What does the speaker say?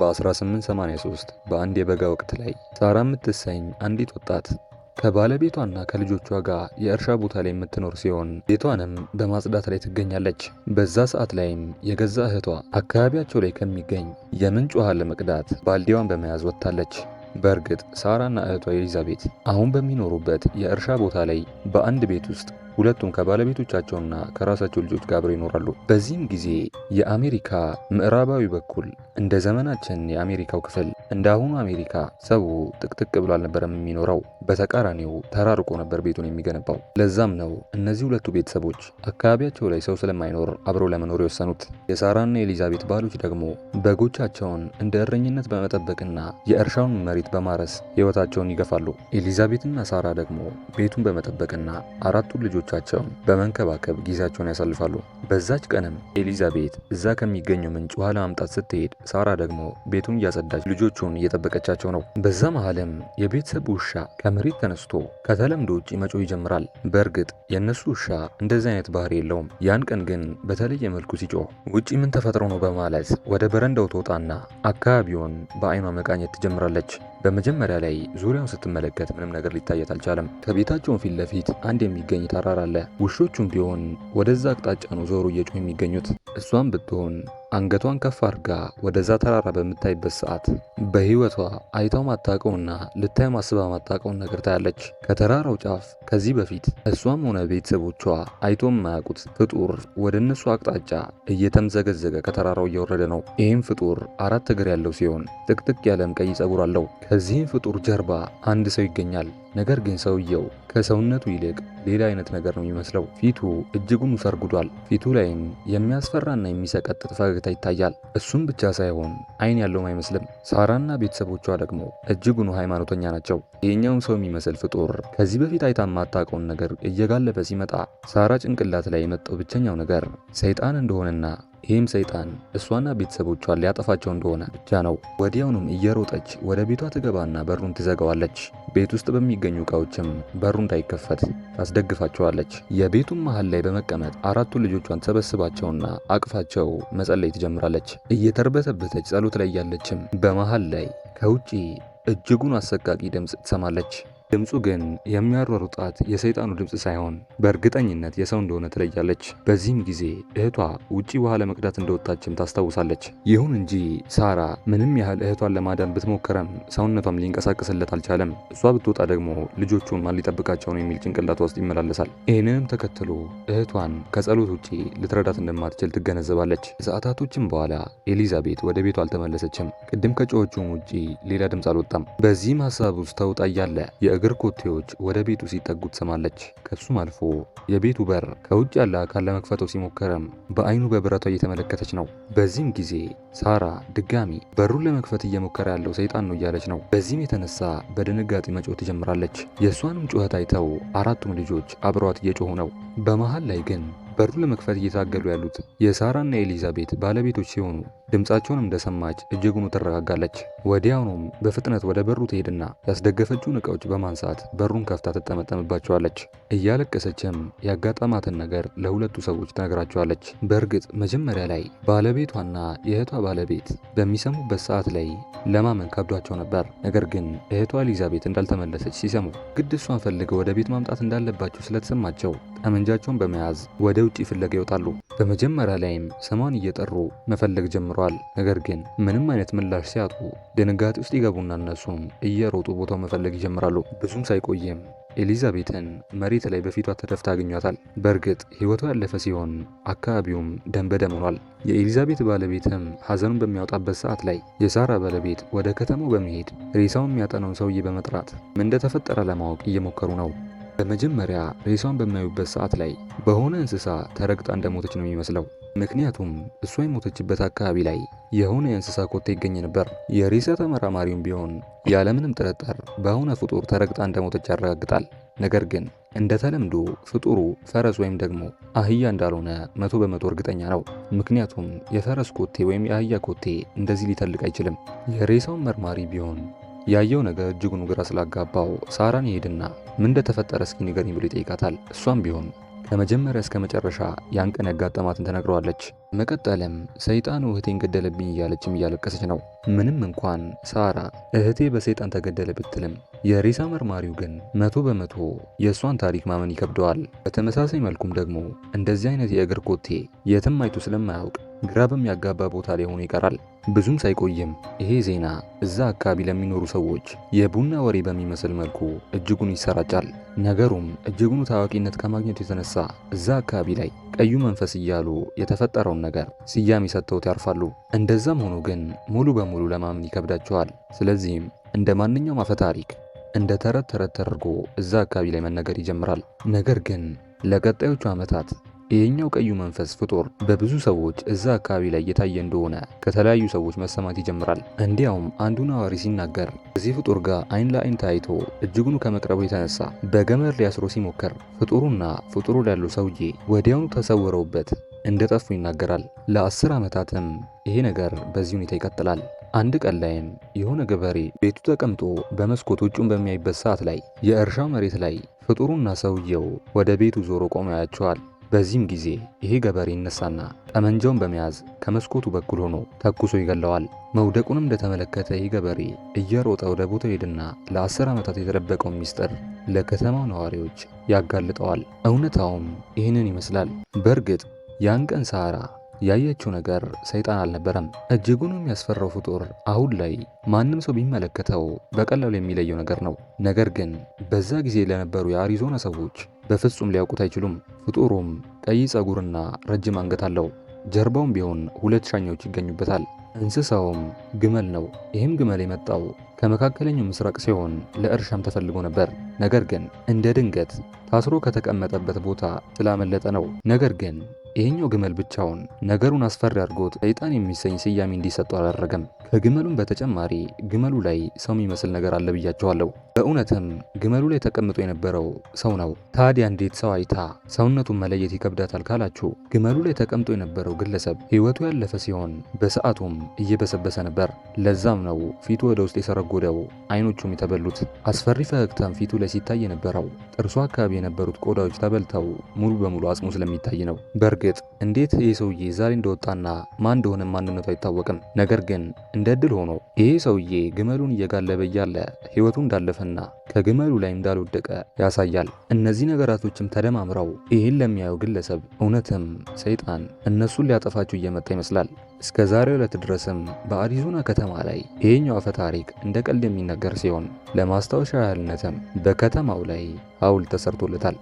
በ1883 በአንድ የበጋ ወቅት ላይ ሳራ የምትሰኝ አንዲት ወጣት ከባለቤቷና ከልጆቿ ጋር የእርሻ ቦታ ላይ የምትኖር ሲሆን ቤቷንም በማጽዳት ላይ ትገኛለች። በዛ ሰዓት ላይም የገዛ እህቷ አካባቢያቸው ላይ ከሚገኝ የምንጭ ውሃ ለመቅዳት ባልዲዋን በመያዝ ወጥታለች። በእርግጥ ሳራና እህቷ ኤሊዛቤት አሁን በሚኖሩበት የእርሻ ቦታ ላይ በአንድ ቤት ውስጥ ሁለቱም ከባለቤቶቻቸውና ከራሳቸው ልጆች ጋር አብረው ይኖራሉ። በዚህም ጊዜ የአሜሪካ ምዕራባዊ በኩል እንደ ዘመናችን የአሜሪካው ክፍል እንደ አሁኑ አሜሪካ ሰው ጥቅጥቅ ብሎ አልነበረም የሚኖረው። በተቃራኒው ተራርቆ ነበር ቤቱን የሚገነባው። ለዛም ነው እነዚህ ሁለቱ ቤተሰቦች አካባቢያቸው ላይ ሰው ስለማይኖር አብረው ለመኖር የወሰኑት። የሳራና የኤሊዛቤት ባሎች ደግሞ በጎቻቸውን እንደ እረኝነት በመጠበቅና የእርሻውን መሬት በማረስ ህይወታቸውን ይገፋሉ። ኤሊዛቤትና ሳራ ደግሞ ቤቱን በመጠበቅና አራቱን ልጆች ልጆቻቸውን በመንከባከብ ጊዜያቸውን ያሳልፋሉ። በዛች ቀንም ኤሊዛቤት እዛ ከሚገኘው ምንጭ ውሃ ለማምጣት ስትሄድ፣ ሳራ ደግሞ ቤቱን እያጸዳች ልጆቹን እየጠበቀቻቸው ነው። በዛ መሀልም የቤተሰብ ውሻ ከመሬት ተነስቶ ከተለምዶ ውጭ መጮህ ይጀምራል። በእርግጥ የእነሱ ውሻ እንደዚህ አይነት ባህሪ የለውም። ያን ቀን ግን በተለየ መልኩ ሲጮህ ውጪ ምን ተፈጥሮ ነው በማለት ወደ በረንዳው ትወጣና አካባቢውን በአይኗ መቃኘት ትጀምራለች። በመጀመሪያ ላይ ዙሪያውን ስትመለከት ምንም ነገር ሊታየት አልቻለም። ከቤታቸውን ፊት ለፊት አንድ የሚገኝ ታራ አሰራር አለ። ውሾቹም ቢሆን ወደዛ አቅጣጫ ነው ዞሩ እየጮህ የሚገኙት። እሷም ብትሆን አንገቷን ከፍ አድርጋ ወደዛ ተራራ በምታይበት ሰዓት በህይወቷ አይቷ ማታቀውና ልታይ ማስባ ማታቀውን ነገር ታያለች። ከተራራው ጫፍ ከዚህ በፊት እሷም ሆነ ቤተሰቦቿ አይቶ የማያውቁት ፍጡር ወደ እነሱ አቅጣጫ እየተምዘገዘገ ከተራራው እየወረደ ነው። ይህም ፍጡር አራት እግር ያለው ሲሆን ጥቅጥቅ ያለም ቀይ ጸጉር አለው። ከዚህም ፍጡር ጀርባ አንድ ሰው ይገኛል። ነገር ግን ሰውየው ከሰውነቱ ይልቅ ሌላ አይነት ነገር ነው የሚመስለው። ፊቱ እጅጉን ሰርጉዷል። ፊቱ ላይም የሚያስፈራና የሚሰቀጥጥ ፈገግ ፈገግታ ይታያል። እሱም ብቻ ሳይሆን አይን ያለውም አይመስልም። ሳራና ቤተሰቦቿ ደግሞ እጅጉኑ ሃይማኖተኛ ናቸው። ይህኛውም ሰው የሚመስል ፍጡር ከዚህ በፊት አይታ ማታውቀውን ነገር እየጋለፈ ሲመጣ ሳራ ጭንቅላት ላይ የመጣው ብቸኛው ነገር ሰይጣን እንደሆነና ይህም ሰይጣን እሷና ቤተሰቦቿን ሊያጠፋቸው እንደሆነ ብቻ ነው። ወዲያውኑም እየሮጠች ወደ ቤቷ ትገባና በሩን ትዘጋዋለች። ቤት ውስጥ በሚገኙ እቃዎችም በሩ እንዳይከፈት ታስደግፋቸዋለች። የቤቱን መሀል ላይ በመቀመጥ አራቱ ልጆቿን ሰበስባቸውና አቅፋቸው መጸለይ ትጀምራለች። እየተርበተበተች ጸሎት ላይ ያለችም በመሀል ላይ ከውጪ እጅጉን አሰቃቂ ድምፅ ትሰማለች። ድምፁ ግን የሚያሯሩጣት የሰይጣኑ ድምፅ ሳይሆን በእርግጠኝነት የሰው እንደሆነ ትለያለች። በዚህም ጊዜ እህቷ ውጪ ውሃ ለመቅዳት እንደወጣችም ታስታውሳለች። ይሁን እንጂ ሳራ ምንም ያህል እህቷን ለማዳን ብትሞከረም ሰውነቷም ሊንቀሳቀስለት አልቻለም። እሷ ብትወጣ ደግሞ ልጆቹን ማን ሊጠብቃቸው ነው የሚል ጭንቅላቷ ውስጥ ይመላለሳል። ይህንንም ተከትሎ እህቷን ከጸሎት ውጪ ልትረዳት እንደማትችል ትገነዘባለች። ሰዓታቶችም በኋላ ኤሊዛቤት ወደ ቤቷ አልተመለሰችም። ቅድም ከጮዎቹም ውጪ ሌላ ድምፅ አልወጣም። በዚህም ሀሳብ ውስጥ ተውጣ እያለ በእግር ኮቴዎች ወደ ቤቱ ሲጠጉ ትሰማለች። ከሱም አልፎ የቤቱ በር ከውጭ ያለ አካል ለመክፈተው ሲሞከረም በአይኑ በብረቷ እየተመለከተች ነው። በዚህም ጊዜ ሳራ ድጋሚ በሩን ለመክፈት እየሞከረ ያለው ሰይጣን ነው እያለች ነው። በዚህም የተነሳ በድንጋጤ መጮ ትጀምራለች። የእሷንም ጩኸት አይተው አራቱም ልጆች አብረዋት እየጮሁ ነው። በመሃል ላይ ግን በሩ ለመክፈት እየታገሉ ያሉት የሳራና የኤሊዛቤት ባለቤቶች ሲሆኑ ድምፃቸውን እንደሰማች እጅጉኑ ትረጋጋለች። ወዲያውኑም በፍጥነት ወደ በሩ ትሄድና ያስደገፈችውን እቃዎች በማንሳት በሩን ከፍታ ትጠመጠምባቸዋለች። እያለቀሰችም ያጋጠማትን ነገር ለሁለቱ ሰዎች ትነግራቸዋለች። በእርግጥ መጀመሪያ ላይ ባለቤቷና የእህቷ ባለቤት በሚሰሙበት ሰዓት ላይ ለማመን ከብዷቸው ነበር። ነገር ግን እህቷ ኤሊዛቤት እንዳልተመለሰች ሲሰሙ ግድ እሷን ፈልገው ወደ ቤት ማምጣት እንዳለባቸው ስለተሰማቸው ጠመንጃቸውን በመያዝ ወደ ውጪ ፍለጋ ይወጣሉ። በመጀመሪያ ላይም ስሟን እየጠሩ መፈለግ ጀምረዋል። ነገር ግን ምንም አይነት ምላሽ ሲያጡ ድንጋጤ ውስጥ ይገቡና እነሱም እየሮጡ ቦታው መፈለግ ይጀምራሉ። ብዙም ሳይቆይም ኤሊዛቤትን መሬት ላይ በፊቷ ተደፍታ አግኟታል። በእርግጥ ሕይወቷ ያለፈ ሲሆን አካባቢውም ደም በደም ሆኗል። የኤሊዛቤት ባለቤትም ሐዘኑን በሚያወጣበት ሰዓት ላይ የሳራ ባለቤት ወደ ከተማው በመሄድ ሬሳውን የሚያጠነውን ሰውዬ በመጥራት ምን እንደተፈጠረ ለማወቅ እየሞከሩ ነው። በመጀመሪያ ሬሷን በሚያዩበት ሰዓት ላይ በሆነ እንስሳ ተረግጣ እንደሞተች ነው የሚመስለው። ምክንያቱም እሷ የሞተችበት አካባቢ ላይ የሆነ የእንስሳ ኮቴ ይገኝ ነበር። የሬሳ ተመራማሪውም ቢሆን ያለምንም ጥርጥር በሆነ ፍጡር ተረግጣ እንደሞተች ያረጋግጣል። ነገር ግን እንደ ተለምዶ ፍጡሩ ፈረስ ወይም ደግሞ አህያ እንዳልሆነ መቶ በመቶ እርግጠኛ ነው። ምክንያቱም የፈረስ ኮቴ ወይም የአህያ ኮቴ እንደዚህ ሊተልቅ አይችልም። የሬሳውን መርማሪ ቢሆን ያየው ነገር እጅጉን ግራ ስላጋባው ሳራን ይሄድና ምን እንደተፈጠረ እስኪ ንገሪኝ ብሎ ይጠይቃታል። እሷም ቢሆን ከመጀመሪያ እስከ መጨረሻ ያን ቀን ያጋጠማትን ተነግረዋለች። መቀጠልም ሰይጣኑ እህቴን ገደለብኝ እያለችም እያለቀሰች ነው። ምንም እንኳን ሳራ እህቴ በሰይጣን ተገደለ ብትልም የሬሳ መርማሪው ግን መቶ በመቶ የእሷን ታሪክ ማመን ይከብደዋል። በተመሳሳይ መልኩም ደግሞ እንደዚህ አይነት የእግር ኮቴ የትም አይቶ ስለማያውቅ ግራ በሚያጋባ ቦታ ላይ ሆኖ ይቀራል። ብዙም ሳይቆይም ይሄ ዜና እዛ አካባቢ ለሚኖሩ ሰዎች የቡና ወሬ በሚመስል መልኩ እጅጉን ይሰራጫል። ነገሩም እጅጉኑ ታዋቂነት ከማግኘቱ የተነሳ እዛ አካባቢ ላይ ቀዩ መንፈስ እያሉ የተፈጠረውን ነገር ስያሜ ሰጥተውት ያርፋሉ። እንደዛም ሆኖ ግን ሙሉ በሙሉ ለማመን ይከብዳቸዋል። ስለዚህም እንደ ማንኛውም አፈ ታሪክ እንደ ተረት ተረት ተደርጎ እዛ አካባቢ ላይ መነገር ይጀምራል። ነገር ግን ለቀጣዮቹ ዓመታት ይህኛው ቀዩ መንፈስ ፍጡር በብዙ ሰዎች እዛ አካባቢ ላይ የታየ እንደሆነ ከተለያዩ ሰዎች መሰማት ይጀምራል። እንዲያውም አንዱ ነዋሪ ሲናገር እዚህ ፍጡር ጋር አይን ለአይን ታይቶ እጅጉኑ ከመቅረቡ የተነሳ በገመድ ሊያስሮ ሲሞክር ፍጡሩና ፍጡሩ ያለው ሰውዬ ወዲያውኑ ተሰውረውበት እንደጠፉ ይናገራል። ለአስር ዓመታትም ይሄ ነገር በዚህ ሁኔታ ይቀጥላል። አንድ ቀን ላይም የሆነ ገበሬ ቤቱ ተቀምጦ በመስኮት ውጩን በሚያይበት ሰዓት ላይ የእርሻ መሬት ላይ ፍጡሩና ሰውየው ወደ ቤቱ ዞሮ ቆመ ያያቸዋል። በዚህም ጊዜ ይሄ ገበሬ ይነሳና ጠመንጃውን በመያዝ ከመስኮቱ በኩል ሆኖ ተኩሶ ይገለዋል። መውደቁንም እንደተመለከተ ይህ ገበሬ እየሮጠ ወደ ቦታው ሄድና ለአስር ዓመታት የተደበቀውን ሚስጥር ለከተማው ነዋሪዎች ያጋልጠዋል። እውነታውም ይህንን ይመስላል። በእርግጥ ያን ቀን ሳራ ያየችው ነገር ሰይጣን አልነበረም። እጅጉን የሚያስፈራው ፍጡር አሁን ላይ ማንም ሰው ቢመለከተው በቀላሉ የሚለየው ነገር ነው። ነገር ግን በዛ ጊዜ ለነበሩ የአሪዞና ሰዎች በፍጹም ሊያውቁት አይችሉም። ፍጡሩም ቀይ ጸጉርና ረጅም አንገት አለው። ጀርባውም ቢሆን ሁለት ሻኞች ይገኙበታል። እንስሳውም ግመል ነው። ይህም ግመል የመጣው ከመካከለኛው ምስራቅ ሲሆን ለእርሻም ተፈልጎ ነበር። ነገር ግን እንደ ድንገት ታስሮ ከተቀመጠበት ቦታ ስላመለጠ ነው። ነገር ግን ይህኛው ግመል ብቻውን ነገሩን አስፈሪ አድርጎት ሰይጣን የሚሰኝ ስያሜ እንዲሰጠው አላደረገም። ከግመሉም በተጨማሪ ግመሉ ላይ ሰው የሚመስል ነገር አለ ብያቸዋለሁ። በእውነትም ግመሉ ላይ ተቀምጦ የነበረው ሰው ነው። ታዲያ እንዴት ሰው አይታ ሰውነቱን መለየት ይከብዳታል ካላችሁ ግመሉ ላይ ተቀምጦ የነበረው ግለሰብ ሕይወቱ ያለፈ ሲሆን በሰዓቱም እየበሰበሰ ነበር። ለዛም ነው ፊቱ ወደ ውስጥ የሰረጎደው፣ አይኖቹም የተበሉት። አስፈሪ ፈገግታም ፊቱ ላይ ሲታይ የነበረው ጥርሱ አካባቢ የነበሩት ቆዳዎች ተበልተው ሙሉ በሙሉ አጽሙ ስለሚታይ ነው። በእርግጥ እንዴት ይህ ሰውዬ ዛሬ እንደወጣና ማን እንደሆነ ማንነቱ አይታወቅም። ነገር ግን እንደ እድል ሆኖ ይህ ሰውዬ ግመሉን እየጋለበ እያለ ሕይወቱ እንዳለፈ እንዳልሞተና ከግመሉ ላይ እንዳልወደቀ ያሳያል። እነዚህ ነገራቶችም ተደማምረው ይህን ለሚያየው ግለሰብ እውነትም ሰይጣን እነሱን ሊያጠፋቸው እየመጣ ይመስላል። እስከ ዛሬ ዕለት ድረስም በአሪዞና ከተማ ላይ ይሄኛው አፈ ታሪክ እንደ ቀልድ የሚነገር ሲሆን ለማስታወሻ ያህልነትም በከተማው ላይ ሐውልት ተሰርቶለታል።